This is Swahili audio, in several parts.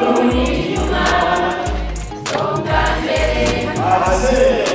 Bruno, Dom Carmelê, Prazer.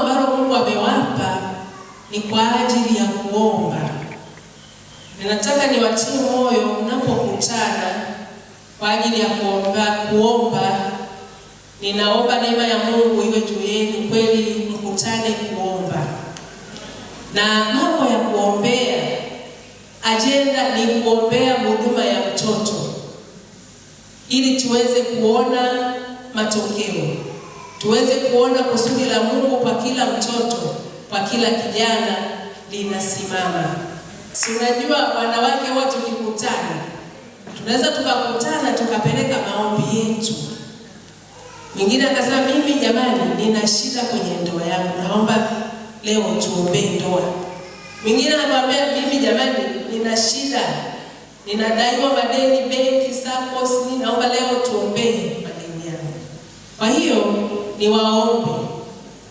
ambalo Mungu amewapa ni kwa ajili ya kuomba. Ninataka niwatie moyo mnapokutana kwa ajili ya kuomba, kuomba. Ninaomba neema ya Mungu iwe juu yenu kweli, mkutane kuomba na mambo ya kuombea. Ajenda ni kuombea huduma ya mtoto ili tuweze kuona matokeo tuweze kuona kusudi la Mungu kwa kila mtoto, kwa kila kijana linasimama. Si unajua wanawake wote tukikutana, tunaweza tukakutana tukapeleka maombi yetu. Mwingine akasema mimi, jamani, nina shida kwenye ndoa yangu, naomba leo tuombee ndoa. Mwingine anamwambia mimi, jamani, nina shida, ninadaiwa madeni benki, SACCOS, naomba leo tuombee madeni yangu. Kwa hiyo ni waombe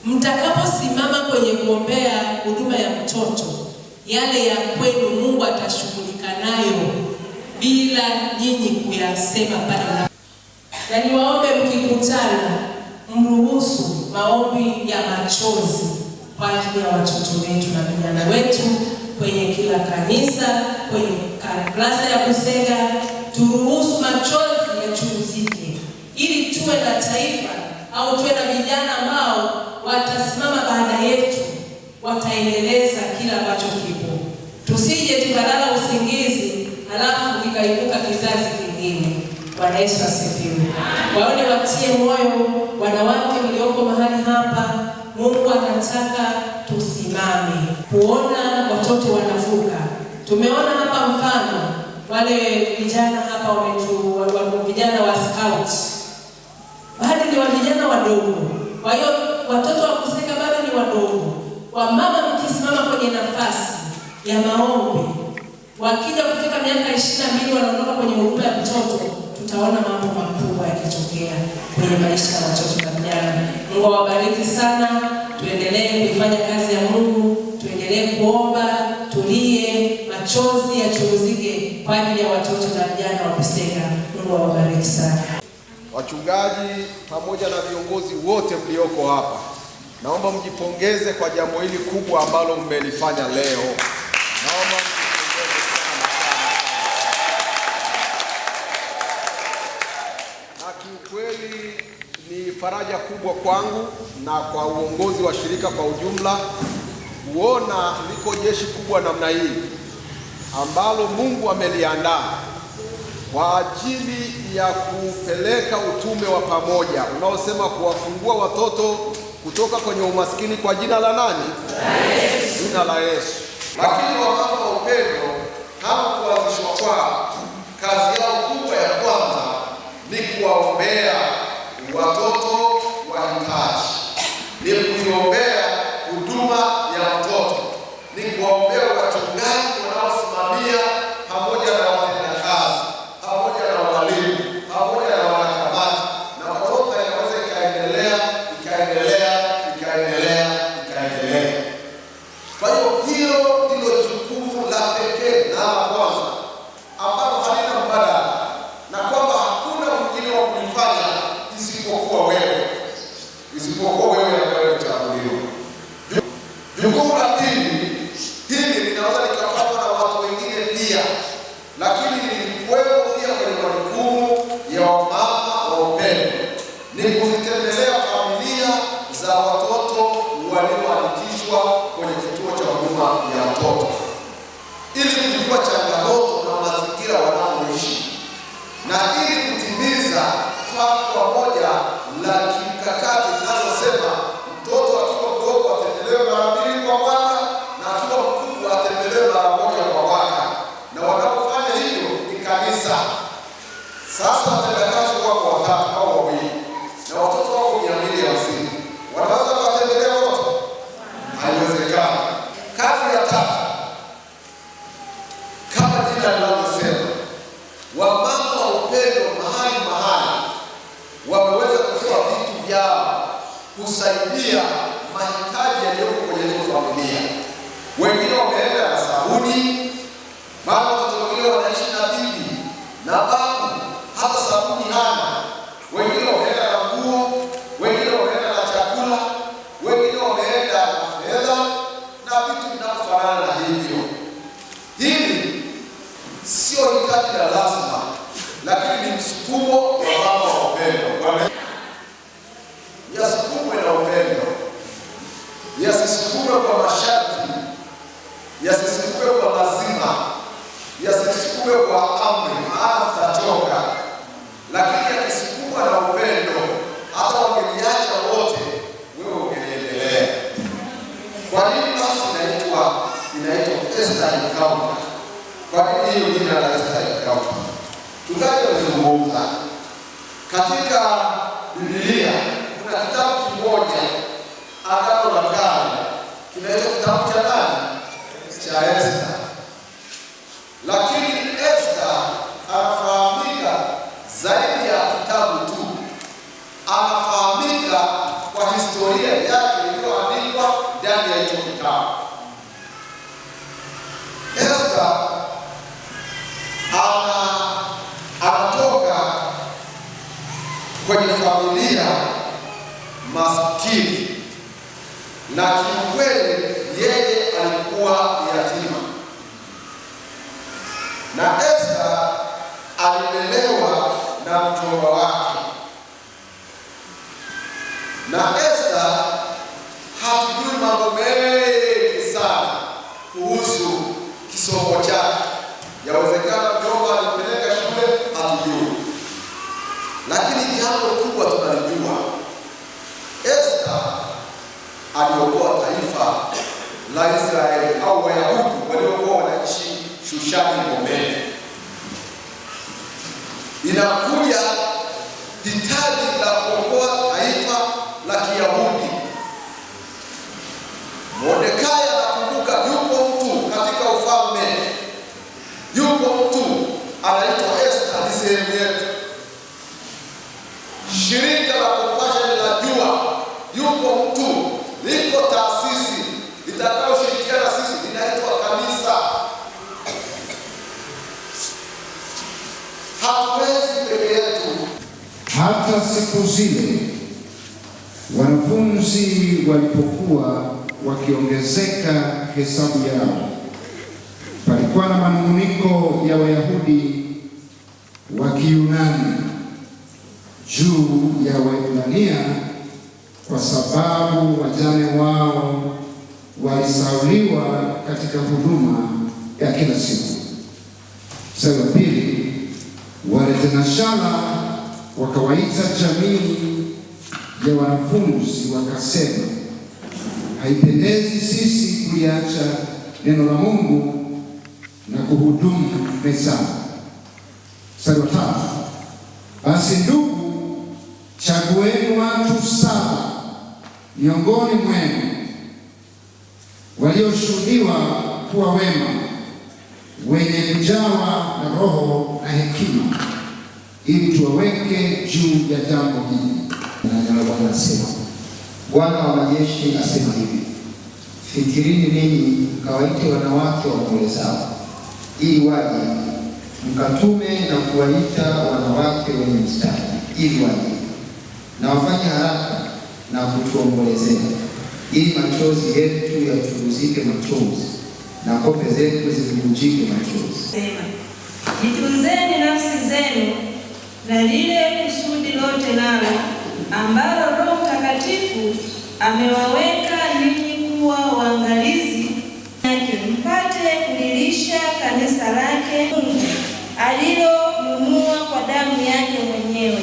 mtakaposimama kwenye kuombea huduma ya mtoto, yale ya kwenu Mungu atashughulika nayo bila nyinyi kuyasema pale, na niwaombe mkikutana, mruhusu maombi ya machozi kwa ajili ya watoto wetu na vijana wetu kwenye kila kanisa, kwenye karasa ya kusega, turuhusu machozi yachuruzike ili tuwe na taifa au tuwe na vijana ambao watasimama baada yetu, wataendeleza kila ambacho kipo. Tusije tukalala usingizi halafu ikaibuka kizazi kingine. Bwana Yesu asifiwe. Waone, watie moyo wanawake mlioko mahali hapa. Mungu anataka tusimame kuona watoto wanavuka. Tumeona hapa mfano wale Kwa hiyo watoto wa kuseka bado ni wadogo. Wamama mkisimama kwenye nafasi ya maombi, wakija kufika miaka ishirini na mbili wanaondoka kwenye huduma ya mtoto, tutaona mambo makubwa yakitokea kwenye maisha ya watoto na vijana. Mungu awabariki sana. Tuendelee kuifanya kazi ya Mungu, tuendelee kuomba, tulie, machozi yachuruzike kwa ajili ya watoto na vijana wa kuseka. Mungu awabariki sana wachungaji pamoja na viongozi wote mlioko hapa, naomba mjipongeze kwa jambo hili kubwa ambalo mmelifanya leo. Naomba mjipongeze sana sana, na kiukweli ni faraja kubwa kwangu na kwa uongozi wa shirika kwa ujumla kuona liko jeshi kubwa namna hii ambalo Mungu ameliandaa kwa ajili ya kupeleka utume wa pamoja unaosema kuwafungua watoto kutoka kwenye umaskini kwa jina la nani? Jina la Yesu. Lakini wamama wa upendo kuanzishwa kwao, kazi yao kubwa ya kwanza ni kuwaombea watoto wahitaji, ni kuiombea huduma ya mtoto, ni kuwaombea wachungaji wanaosimamia kusaidia mahitaji yaliyoko kwenye familia. Wengine wameenda na sabuni mama ndani cha Esta, lakini Esta anafahamika zaidi ya kitabu tu, anafahamika kwa historia yake iliyoandikwa ndani ya hicho kitabu. Esta ana anatoka kwenye familia maskini na kiukweli yeye alikuwa yatima na Esta alilelewa na mjomba wake, na Esta hatujui mambo mengi sana kuhusu kisomo chake. Yawezekana mjomba alimpeleka shule, hatujui, lakini jambo kubwa tunalijua, Esta aliokoa taifa la Israeli au Wayahudi waliokuwa wanaishi Shushani Gomeni. Hata siku zile wanafunzi walipokuwa wakiongezeka hesabu yao, palikuwa na manunguniko ya Wayahudi wa Kiyunani juu ya Waebrania kwa sababu wajane wao walisauliwa katika huduma ya kila siku. Sura ya pili, wale tena shala wakawaita jamii ya wanafunzi wakasema, haipendezi sisi kuliacha neno la Mungu na kuhudumu mezani. Mstari wa tatu, basi ndugu, chagueni watu saba miongoni mwenu walioshuhudiwa kuwa wema, wenye kujawa na roho na hekima ili tuwaweke juu ya jambo hili. Bwana asema, Bwana wa majeshi asema hivi, fikirini ninyi mkawaite wanawake waombolezao, ili waje, mkatume na kuwaita wanawake wenye mstari, ili waje na wafanye haraka na kutuombolezea, ili machozi yetu yatuguzike machozi na kope zetu zivunjike machozi. Jitunzeni nafsi zenu na lile kusudi lote nalo ambalo Roho Mtakatifu amewaweka ninyi kuwa waangalizi yake, mpate kulilisha kanisa lake Mungu alilonunua kwa damu yake mwenyewe.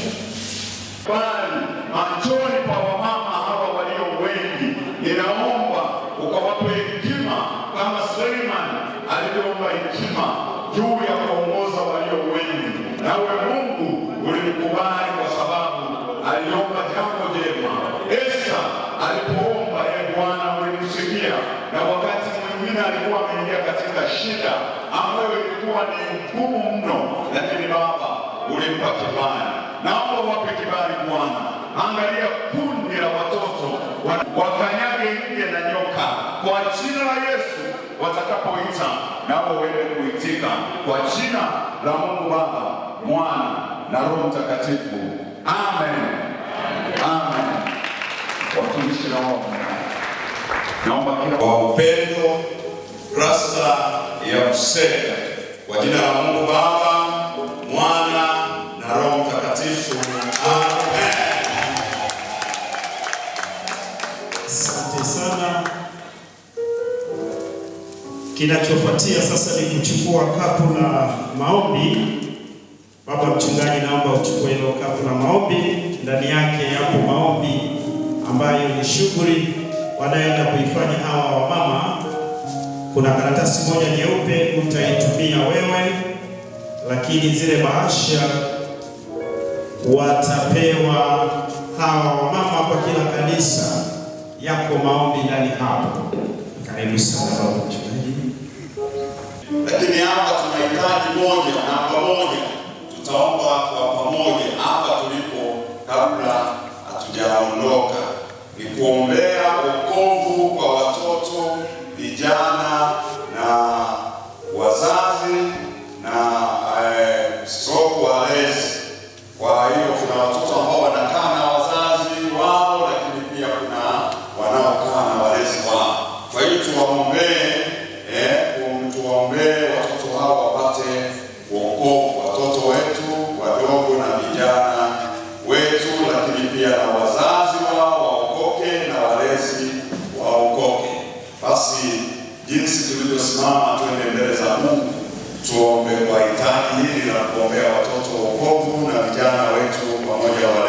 aliomba jambo jema. Esta alipoomba, ye Bwana ulimsikia, na wakati mwingine alikuwa ameingia katika shida ambayo ilikuwa ni ngumu mno, lakini Baba ulimpa kibali. Naomba wape kibali Bwana. Angalia kundi la watoto wakanyage nje na nyoka, kwa jina la Yesu watakapoita nao wende kuitika kwa jina la Mungu Baba, Mwana na Roho Mtakatifu. Amen. Amen. Watumishi naomba, naomba kila kwa upendo rasa ya kusema kwa jina la Mungu Baba, Mwana na Roho Mtakatifu. Amen. Asante sana. Kinachofuatia sasa ni kuchukua kapu la maombi. Baba mchungaji, naomba uchukue hilo kapu la maombi ndani yake yapo maombi ambayo ni shughuli wanaenda kuifanya hawa wamama. Kuna karatasi moja nyeupe utaitumia wewe, lakini zile bahasha watapewa hawa wamama. Kwa kila kanisa yako maombi ndani hapo. Karibu sana wachungaji, lakini hapa tunahitaji moja na pamoja, tutaomba kwa pamoja hapa kabla hatujaondoka ni kuombea wokovu kwa watoto, vijana na wazazi jinsi tulivyosimama twende mbele za Mungu tuombe kwa hitaji hili na kuombea watoto wokovu na vijana wetu pamoja wa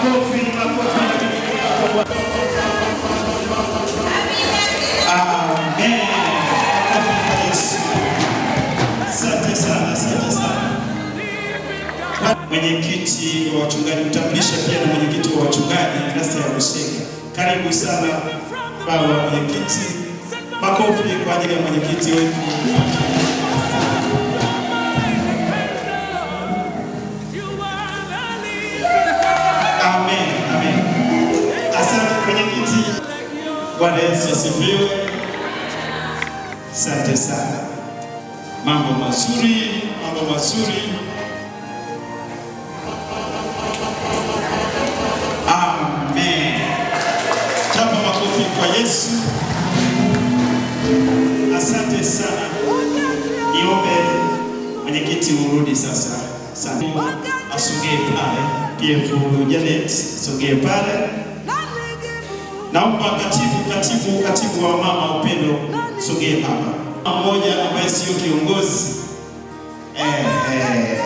Makofi, makofi. Asante sana, asante sana. Mwenyekiti wa wachungaji, mtambulishe pia na mwenyekiti wa wachungaji kasta ya Rushega. Karibu sana baba mwenyekiti. Makofi kwa ajili ya mwenyekiti wetu. Bwana Yesu asifiwe. Asante sana, mambo mazuri, mambo mazuri. Amen, chapa makofi kwa Yesu. Asante sana, niombe mwenyekiti urudi sasa. Asante, asogee pale, Janet, sogee pale Naomba katibu, katibu, katibu wa mama Upendo, sogee hapa. Mmoja ambaye sio kiongozi eh, eh.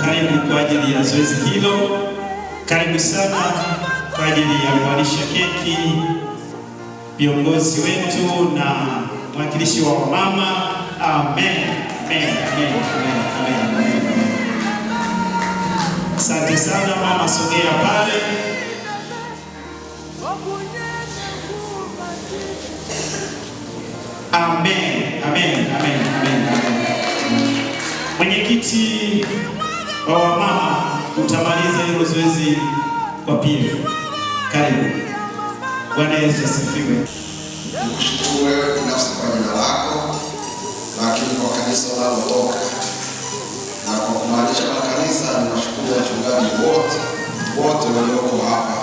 karibu kwa ajili ya zoezi hilo, karibu sana kwa ajili ya kualisha keki viongozi wetu na mwakilishi wa mama. Amen, amen, amen, amen, amen. Asante sana mama, sogea pale. Amen, amen, amen, amen, amen. Mwenyekiti wa wamama, utamaliza hilo zoezi kwa pili. Karibu. Bwana Yesu asifiwe. Nikushukuru wewe binafsi kwa jina lako, lakini kwa kanisa la Loka kwa kumaanisha makanisa, ninashukuru wachungaji wote wote walioko hapa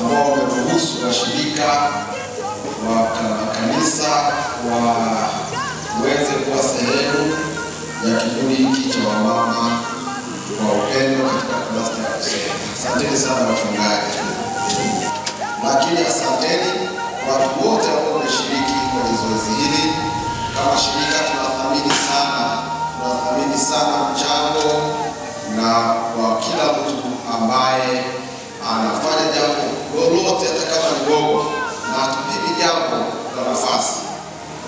ambao wameruhusu washirika wa kanisa waweze kuwa sehemu ya kikundi hiki cha wamama wa upendo katika Kurasta ya Kusini. Asanteni sana wachungaji, lakini asanteni watu wote ambao wameshiriki kwenye zoezi hili. Kama shirika tunathamini sana Naamini sana mchango na kwa kila mtu ambaye anafanya jambo lolote, hata kama ni dogo, na tupimi jambo la nafasi.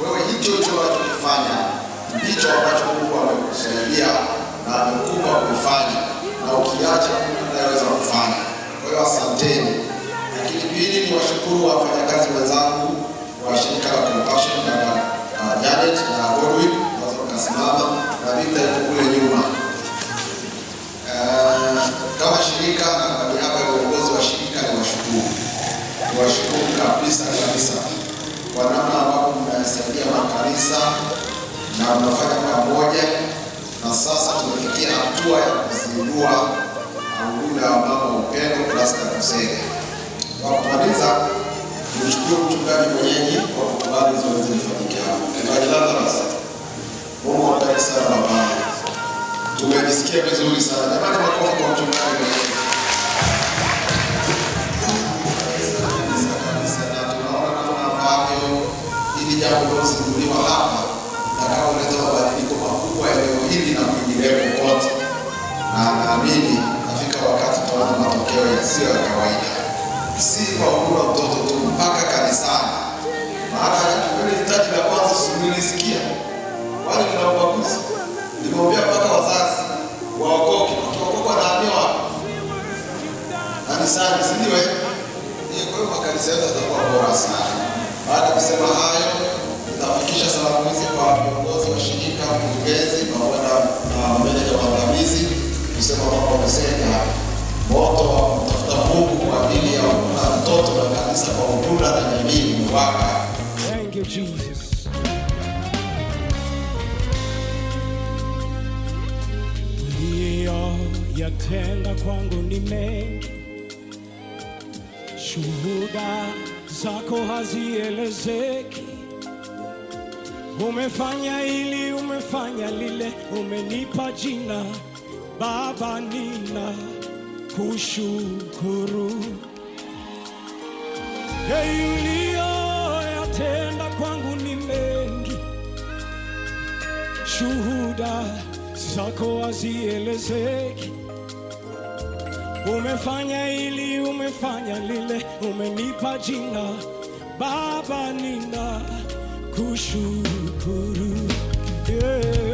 Wewe hicho hicho wanachokifanya ndicho ambacho Mungu amekusaidia na amekupa kufanya, na ukiacha Mungu kufanya. Kwa hiyo asanteni, lakini pili ni washukuru wafanyakazi wenzangu wa shirika la Compassion na uh, Janet na Godwin msimama na vita iko kule nyuma. Eh, kama shirika na kwa niaba ya uongozi wa shirika, ni washukuru, ni washukuru kabisa kabisa kwa namna ambapo mnasaidia makanisa na mnafanya pamoja, na sasa tumefikia hatua ya kuzindua huduma ambapo upendo Klasika Kusega. Kwa kumaliza, nimshukuru mchungaji mwenyeji kwa kukubali zoezi lifanyike hapa. Mungu atake sana Baba. Tumejisikia vizuri sana. Jamani makofi kwa mchungaji. Ili jambo lilozinduliwa hapa litakaleta mabadiliko makubwa eneo hili na kwingineko kote. Na naamini nafika wakati tutaona matokeo yasiyo ya kawaida. Si kwa uhuru mtoto tu mpaka kanisani. Shuhuda zako hazielezeki, umefanya hili, umefanya lile, umenipa jina Baba, nina kushukuru hey, uliyoyatenda kwangu ni mengi, shuhuda zako hazielezeki Umefanya hili, umefanya lile, umenipa jina Baba, nina kushukuru yeah.